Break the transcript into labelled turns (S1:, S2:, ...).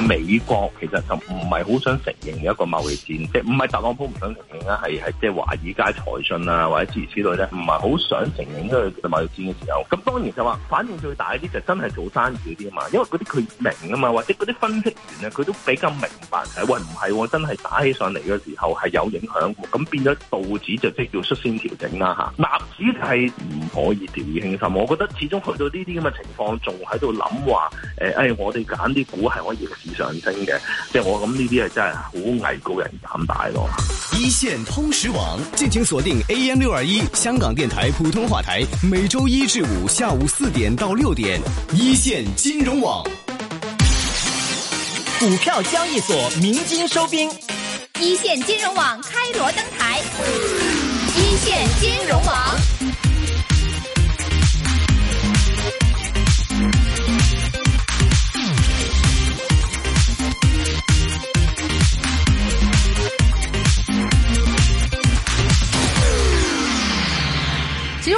S1: 美國其實就唔係好想承認一個貿易戰，即係唔係特朗普唔想承認啦，係係即係華爾街財訊啊，或者諸如此類咧，唔係好想承認呢個貿易戰嘅時候。咁當然就話反應最大啲就真係做生意啲啊嘛，因為嗰啲佢明啊嘛，或者嗰啲分析員咧佢都比較明白係、就是，喂唔係、啊，真係打起上嚟嘅時候係有影響，咁變咗道指就即係叫率先調整啦、啊、嗱，納指係唔可以掉以輕心，我覺得始終去到呢啲咁嘅情況，仲喺度諗話，誒、欸、誒、哎，我哋揀啲股係可以。上升嘅，即係我諗呢啲係真係好藝高人膽大咯。
S2: 一線通識網，敬請鎖定 AM 六二一香港電台普通話台，每周一至五下午四點到六點。一線金融網，股票交易所鳴金收兵，一線金融網開鑼登台，嗯，一線金融。